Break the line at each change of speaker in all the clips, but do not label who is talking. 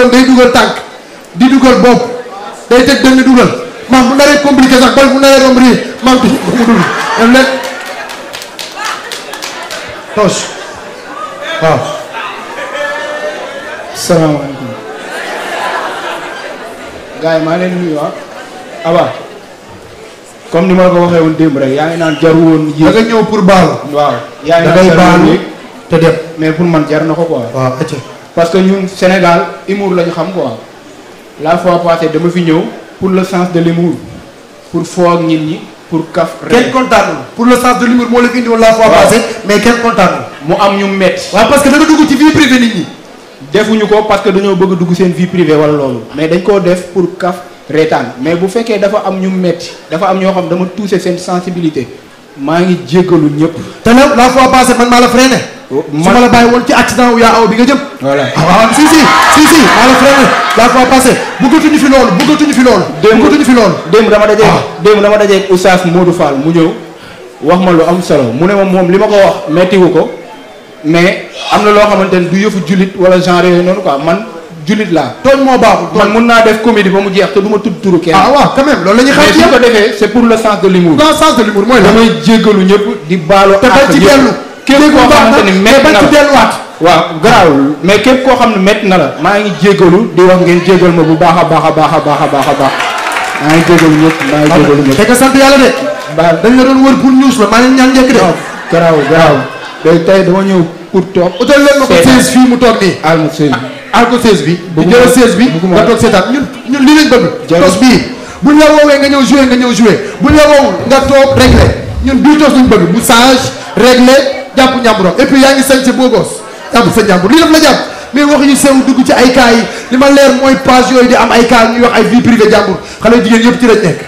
yoon day dugal tànk di dugal bopp day teg dënn dugal maam bu naree compliqué sax bal bu naree romb rii maam bi mu dul dem leen toos waaw salaamaaleykum yi maa ngi leen nuyu ah. Aba comme ni ma la ko waxee woon démb rek yaa ngi naan jaru woon yéeg da ñëw pour baalu waaw yaa ngi te dem mais pour man jar na ko quoi parce que ñu Sénégal humour la ñu xam quoi la fois passée dama fi ñëw pour le sens de l'humour pour foo ak nit ñi pour kaf. kenn pour le sens de l'humour moo la fi indi woon la fois passée mais kenn kontaanul. mu am ñu métti. waaw parce que da dugg ci vie privée nit ñi. defuñu ko parce que dañoo bëgg dugg seen vie privée wala loolu. mais dañ koo def pour kaf reetaan mais bu fekkee dafa am ñu métti dafa am ñoo xam dama touché seen sensibilité maa ngi jéggalu ñëpp. su ma la bàyyi woon ci accident wu yaa aw bi nga jëm. voilà ah, waaw si si si si maa la freiné la fois passée bëggatuñu fi loolu bëggatuñu fi loolu. bëggatuñu fi loolu. démb dama dajeeg ah. démb dama dajeeg Oustaz Modou Fall mu ñëw wax ma lu am solo mu ne ma moom li ma ko wax mettiwu ko mais am na loo xamante ne du yëfu jullit wala genre yooyu noonu quoi man jullit laa. tooñ moo baaxul. man mun naa def comédie ba mu jeex te du tudd turu kenn. ah waaw quand loolu la ñuy xam ci mais su ko defee c'est pour le sens de l'humour. le sens de l'humour mooy la damay jéggalu ñëpp képp koo xamante ni métti na la delluwaat waaw garaawul mais képp koo xam ne métti na la maa ngi jégalu di wax ngeen jégal ma bu baax a baax a baax a baax a baax a baax maa ngi jégalu ñëpp maa ngi jégalu ñëpp fekk sant yàlla de ba dañ la doon wër pour news la maa ngi ñaan njëkk de garaaw garaaw day tey dama ñëw pour toog utal leen ma ko seize fii mu toog nii alma seize bi ah, al ko seize bi di jël seize bi nga toog seetaan ñun ñun lii lañ bëgg tos bii buñ la woowee nga ñëw joué nga ñëw joué buñ la woow nga toog réglé ñun bii tos lañ bëgg bu sage réglé jàpp njàmburam et puis yaa ngi sañse boo goos jàpp sa njàmbur lii daf la jàpp mais waxuñu sew dugg ci ay cas yi li ma leer mooy page yooyu di am ay cas ñuy wax ay vie privée jàmbur xale jigéen yëpp ci lañ nekk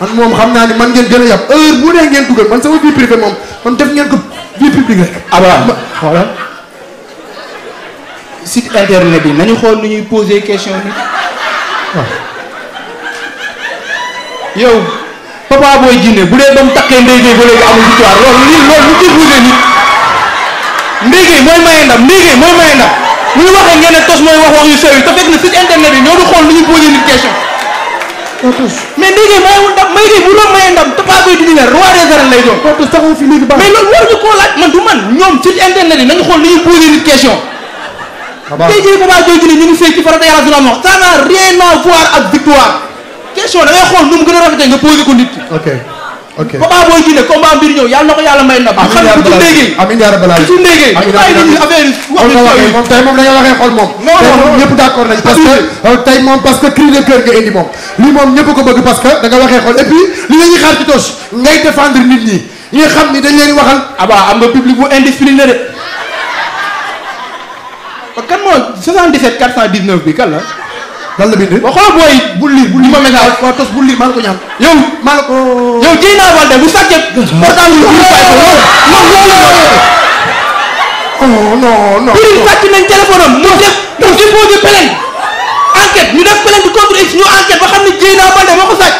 man moom xam naa ne man ngeen gën a yàpp heure bu ne ngeen dugal man sama vie privée moom man def ngeen ko vie publique rek aba ah voilà site internet bi nañu xool nu ñuy pose question nit waaw ah. yow Papa Boy Djiné bu dee ba mu takkee Ndeye Gueye ba léegi amul victoire loolu lii loolu lu ci bougé nit Ndeye Gueye mooy maye ndam Ndeye Gueye mooy maye ndam lu ñu waxee ngeen wax wax yu sew yi te fekk na site internet yi ñoo du xool bu doon maye ndam te Papa Boy Djiné roi des arènes lay doon tos ñu koo laaj man du man ñoom site internet yi nañu xool lu ñu posé nit question ah tey jii farata yàlla du la wax ça rien à voir ak victoire question da ngay xool nu mu gën rafetee nga posé ko nit. ok ok combat booy gis ne combat mbir ñëw yàlla na ko yàlla may ndam. amiin yaa rabbal aalamiin amiin yaa rabbal aalamiin amiin yaa rabbal aalamiin affaire yi wax dëgg nga waxee xol moom. non euh, de cœur moom. lii moom ñëpp ko bëgg parce que bi kan la lan la bind. waaw xoolal booy bulli bulli ma message waaw tos bulli maa ko ñaan. yow maa la ko. yow jëy naa Balde bu sàccee. portable bi bul mu def mu déposé plainte. enquête ñu def plainte contre X ñu enquête ba xam ne jëy naa Balde moo ko sàcc.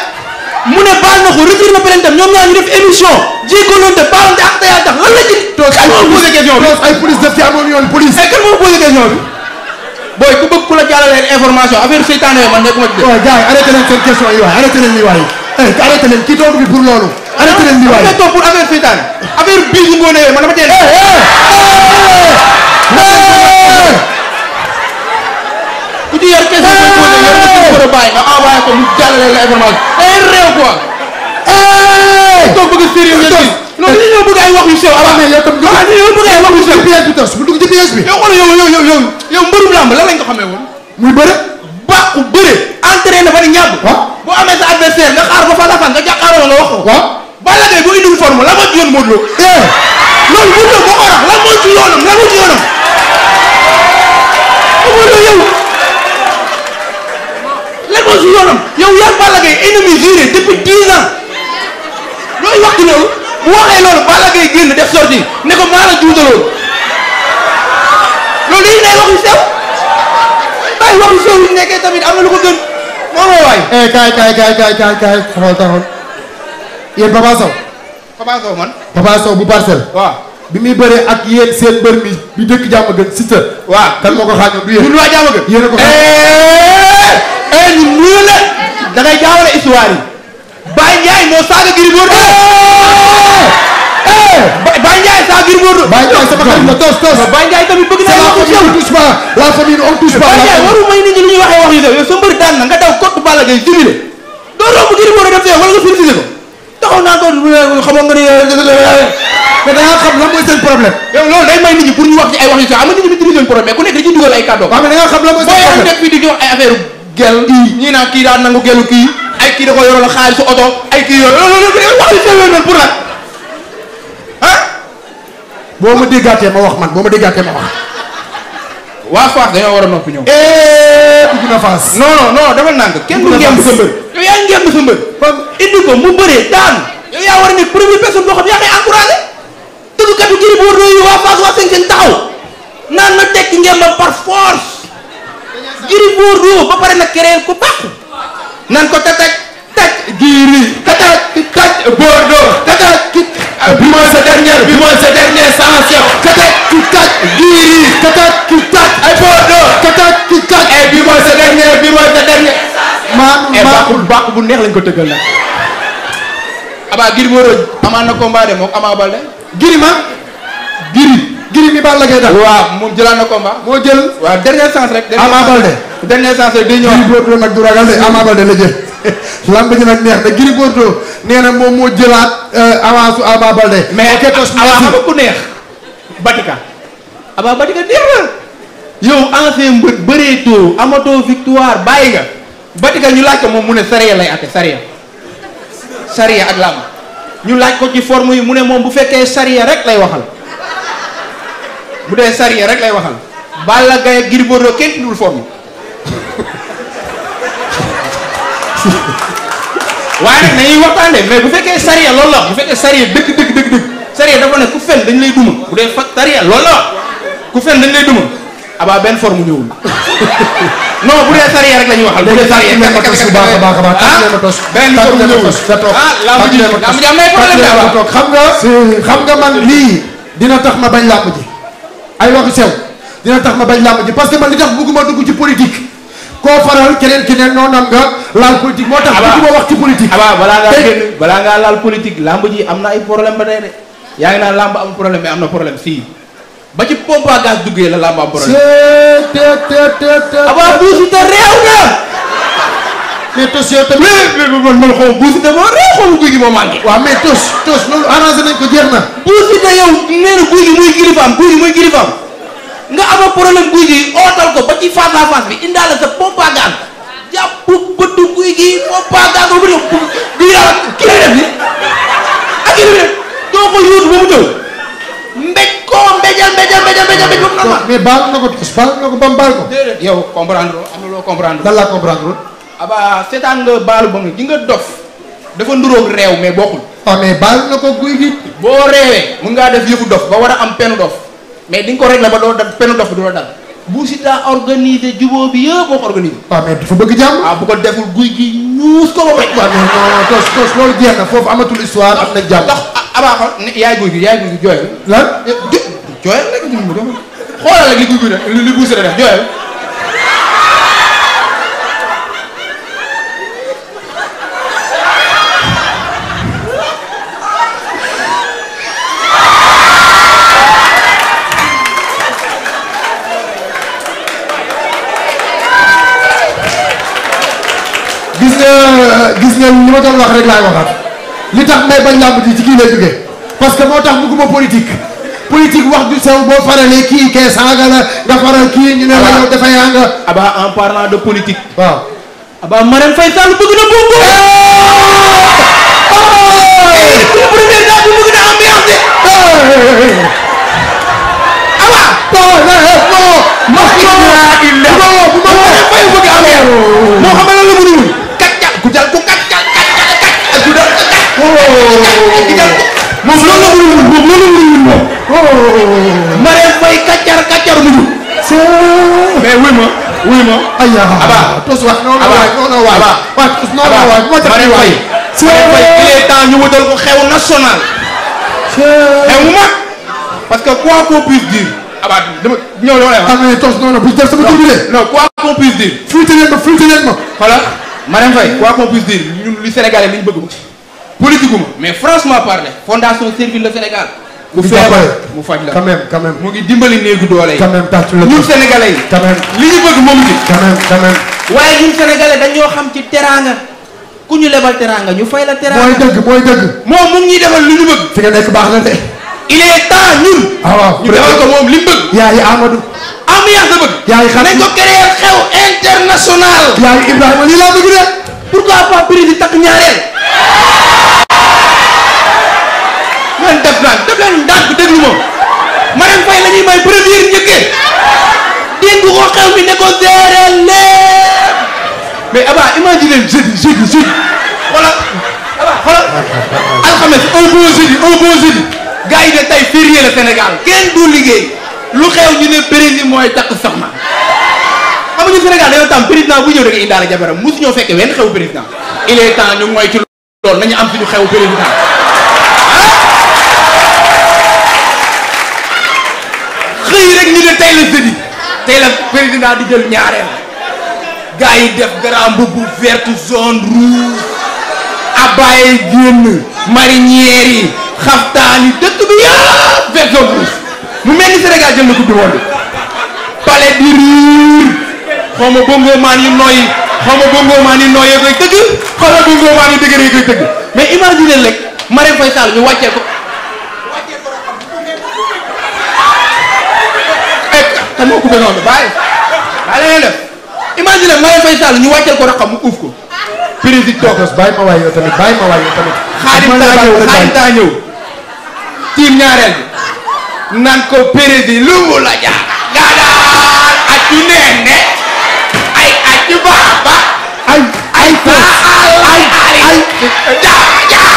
mu ne baal na ko retiré na plainte am ñoom ñaar ñu def émission. jéegaloonte baalante ak tayaa tax lan la ci. toog ay police ay police def ci amoon yoon eh, kan moo posé question bi. booy ku bëgg ku la jàllale information affaire seytaane man nekkuma ci. waaw gars yi arrêté leen seen question yi waay arrêté leen li waay eh, arrêté leen kii toog bi pour loolu. arrêté leen li waay bu toog pour affaire seytaane affaire bii bu ngoonee man dama teel. Eh, eh, ku ci yor question bi posé yor nga ci numéro bàyyi nga envoyé ko mu jàllale la information. day réew quoi. toog bëgg sérieux ngeen non li ñu bëgg ay wax yu sew. waaw ah, ah. mais yow tam. waaw li ñu bëgg ay wax yu sew. GPS bi tas bu dugg GPS bi. yow xoolal yow yow yow yow lamb lan lañ ko xamee woon muy bëre bàqu bëre entraîné ba ni ñàbb boo amee sa adversaire nga xaar ko fa lafan nga jàkkaaroo nga wax ko waaw Balla Gaye bu indiwul forme la ma joon Modou Lo eh. loolu bu ñëw ba orax lan mooy ci yoonam lan mooy ci yoonam Modou Lo yow lan yoonam yow yaa Balla Gaye ennemi juré depuis dix ans looy wax loolu bu waxee loolu génn def fekkee tamit am na lu ko man. Papa bu parcelle. waaw bi muy bëree ak yéen seen mbër mi bi dëkk jàmm kan moo ko xaañoon du yéen. ñun waa jàmm gën yéen a ko. Eh, eh ñun jaawale histoire yi. Baye moo saaga Gris Bordeaux. Eh! Baye Ndiaye saa Gris Bordeaux. Baye Ndiaye sama xarit la tos tos. Baye Ndiaye tamit bëgg naa la ko jëm sama famille on touche pas la famille on touche pas. Baye Ndiaye waru may nit ñi li ñuy waxee wax yu sew yow sa mbër daan na nga daw kottu Balla Gaye jubile doo romb Gris Bordeaux def yow wala nga félicité ko taxaw naa ko xamoo nga ni mais da ngaa xam lan mooy seen problème. yow loolu day may nit ñi pour ñu wax ci ay wax yu sew am na nit ñi maîtriser problème mais ku nekk da ciy dugal ay kàddoom. waaw mais da ngaa xam lan mooy seen problème booy def fii di wax ay affaire gel ñii naan kii daan nangu gelu kii ay kii da ko yoroon xaalis oto ay kii yoroon loolu wax yu sew yooyu noonu pour lan boo ma déggaatee ma wax man boo ma déggaatee ma wax. waa Fass dañoo war a noppi ñoom. Eh, dugg na Fass. non non non dafa nànk kenn du ngemb sa mbër. yow yaa ngemb sa mbër. indi ko mu bëree daan. yow yaa war a nekk première personne boo xam yaa koy encouragé. tëggkatu jëri bu war yi waa Fass waa Sène taxaw. naan na tekki ngembam par force. jiri buur ba pare nag keneen ku bàq nan ko tatak tak jiri tatak tak bordeaux bi mooy sa dernière bi mooy sa dernière sanction katak ku tak katak ku tak ay Bordeaux katak ku ay eh, bi mooy sa dernière bi mooy sa dernière maa maa bàq bu neex lañ ko tëggal nag Aba Giri Bordeaux ma Giri Giri mi Balla Gaye dal waaw moom jëlaat na combat moo jël waaw dernière chance rek Ama Baldé dernière chance rek day ñëw Giri Bordeaux nag du ragal de Ama Baldé la jël lamb ji nag neex na Giri Bordeaux nee na moom moo jëlaat euh, avance su Ama Baldé. mais abaa ku neex. Batika. abaa Batika neex na. yow ancien mbër bëreetoo amatoo victoire bàyyi nga. Batika ñu laaj ko moom mu ne sariya lay ate sariya. sariya ak làmb ñu laaj ko ci forme yi mu ne moom bu fekkee sariya rek lay waxal. bu dee sariya rek lay waxal. Balla Gaye ak kenn dul forme. waaye nag nañuy waxtaan de mais bu fekkee sariya loolu la bu fekkee sariya dëgg dëgg dëgg dëgg sariya dafa ne ku fen dañ lay duma bu dee sariya loolu la ku fen dañ lay duma abaa benn forme ñëwul non bu dee sariya rek la ñuy waxal. bu dee sariya kaka kaka kaka baax ah, benn forme ah, xam nga. xam nga man lii dina tax ma bañ làmb ji ay waxu sew dina tax ma bañ làmb ji parce que man li tax bëgguma dugg ci politique. koo faral keneen keneen noo nam nga laal politique moo tax. abaa bëgguma wax ci politique. abaa balaa ngaa laal politique làmb ji am na ay problème ba tey de yaa ngi naan làmb amul problème mais am na problème si ba ci pompe à duggee la làmb am problème. te te te te. abaa buusi te réew nga. mais yow tamit. mais mais man man xaw guy gi moo manqué. waaw mais tos tos loolu arrangé nañ ko jeex na. buusi yow nee guy gi muy kilifaam guy gi muy kilifaam. nga ama problème guy gi ootal ko ba ci face à face bi indaale sa propagande jàpp bëtu guy gi propagande ba mu kii ko yóotu ba mu nga dof dafa nduróog réew mais bokkul. ah mais baal na ko guy gi. boo réewee mun ngaa def yëfu dof ba war a am peenu dof. mais di nga ko régler ba doo def penu dof bi du la dal bu si bi yëpp moo ko organisé. waaw mais dafa bëgg jàmm. waaw ah, bu deful guy gi ñuus ko ba pare. waaw non non tos loolu jeex na foofu amatul histoire am na jàmm. ndax ah, abaaxal yaay guy gi yaay guy guy guy eh, rek li li buusi rek jooyal. laay waxaat li tax may bañ làmb ji ci kii lay jógee parce que moo tax bugguma politique politique wax ju sew boo faralee kii kee saaga la nga faral kii ñu ne la yow nga aba en de politique waaw aba Marème Faye Sall bëgg na boobu pour eh! eh! première fois bu bëgg na ambiance eh! aba non non masla ku jal ku kat moom loolu la mënul moom loolu la mënul moom. Marème Faye kàccar kàccar mu jub. mais wuy ma wuy ma. aywa abaa tos wax non non waay non non waay. waay tos non non waay moo tax Marème Faye. Marème Faye il est temps ñu wutal ko xew national. xew mu mag. parce que quoi qu'on puisse dire. abaa dama ñëw dama lay wax. ah mais tos non non bu def sama tur bi de. non quoi qu'on puisse dire. filtre leen ma filtre leen ma. voilà Marème Faye quoi qu'on puisse dire ñun li Sénégalais li ñu bëgg. politique ma mais franchement parler fondation Servir le Sénégal. bu feebar mu faj la quand même quand même. mu ngi dimbali néegu doole yi. quand même tàccu la ñun yi. quand même ñu bëgg moom bi quand même quand même. la. teraanga mooy dëgg mooy dëgg. moom mu ngi ñuy defal lu ñu bëgg. fi nga nekk baax na de. il est temps ñun. ah ñu defal ko moom li mu bëgg. yaay Amadou. ambiance la bëgg. yaay xam nañ ko créer xew international. yaay Ibrahima lii laa bëgg de. pourquoi pas prix di takk mais Abba imaginez jeudi jeudi jeudi xoolal Abba xoolal alxames un bon jeudi un bon jeudi gars tey férié la Sénégal kenn du liggéey lu xew ñu ne président mooy takk soxna amuñu Sénégal dañoo tam président bu ñëw da nga indaale jabaram mosu ñoo fekkee wenn xew président il est temps ñu moytu loolu nañu am suñu xew président xëy rek ñu ne tey la jeudi tey la président di jël ñaareel gars yi def grand mbubu vert jaune rouge abbaye génn marinière yi xaftaan yi dëkk bi yëpp vert jaune rouge mu mel ni Sénégal jël na coupe du monde palais di riir xaw ma bongo maan yu nooyi xaw ma bongo maan yu nooyee koy tëgg xaw ma bongo maan yu dëgëree koy tëgg mais imagine rek Marème Faye Sall ñu wàccee ko eh, kan moo coupé noonu bàyyi bàyyi leen def imagine Marème Faye Sall ñu wàcceel ko raxam mu uuf ko. prix di toog bàyyi ma waay yow tamit bàyyi ma waay yow tamit. xaalis taa ñëw xaalis taa ñëw. tiim ñaareel bi. naan ko prix di lu mu la jaar. nga daal aju nee ne. ay aju baaba. ay ay ay ay ay jaa jaa.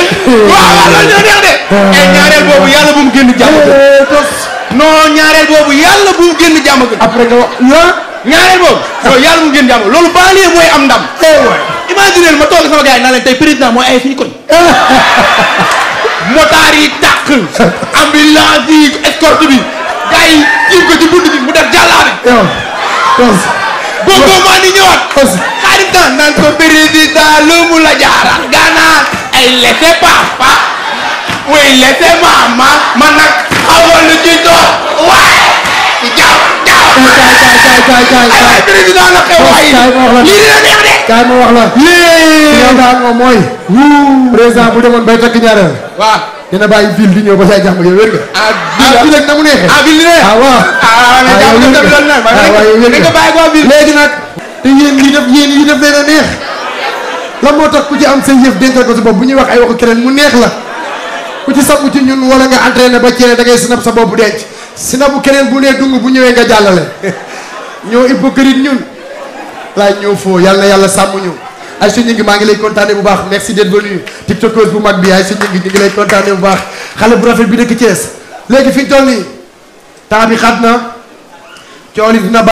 Eh. waaw waaw loolu ñoo neex de. Eh. Eh, ñaareel boobu yàlla bu mu génn jàmm. non ñaareel boobu yàlla bu mu génn jàmm gën. après nga wax ñaareel boobu. non yàlla bu mu génn jàmm loolu banlieue mooy am ndam. eh imagineel ma toog sama gars yi naa leen tey président mooy ay suñu koñ. motaar yi tàq. ambulance yi escorte bi. gars yi jiw ko ci bunt mu def jàllaabe. yow eh tos. boobu maa ni naan ko président lu mu la jaara. gannaaw ay papa. way laissez maman. ay président na xew ma wax la. lii yow moom mooy. président bu demoon bay takk ñaareel. waaw dina bàyyi ville di ñëw ba saa jàmm yow wér nga. ah, ah. mu neexee. ah ville ah waaw. ah mais jàmm ah, dem loolu nag. ah waaye wér nga ah, nga te yéen lii def yéen yi def leen a neex. lan moo tax ku ci am sa yëf dencal ko sa bopp bu ñuy wax ay waxu keneen mu neex la. ku ci sàmm ci ñun wala nga entraîné ba cee da ngay sinap sa bopp denc sinapu keneen bu ne dung bu ñëwee nga jàllale. ñoo hypocrite ñun laaj ñoo foo yàlla na yàlla sàmm ñu ay su ñu ngi maa ngi lay kontaane bu baax merci d'être venu tiktokos bu mag bi ay su ñu ngi ñu ngi lay kontaane bu baax xale bu rafet bi dëkk Thiès léegi fi ñu toll nii bi xat na cool yi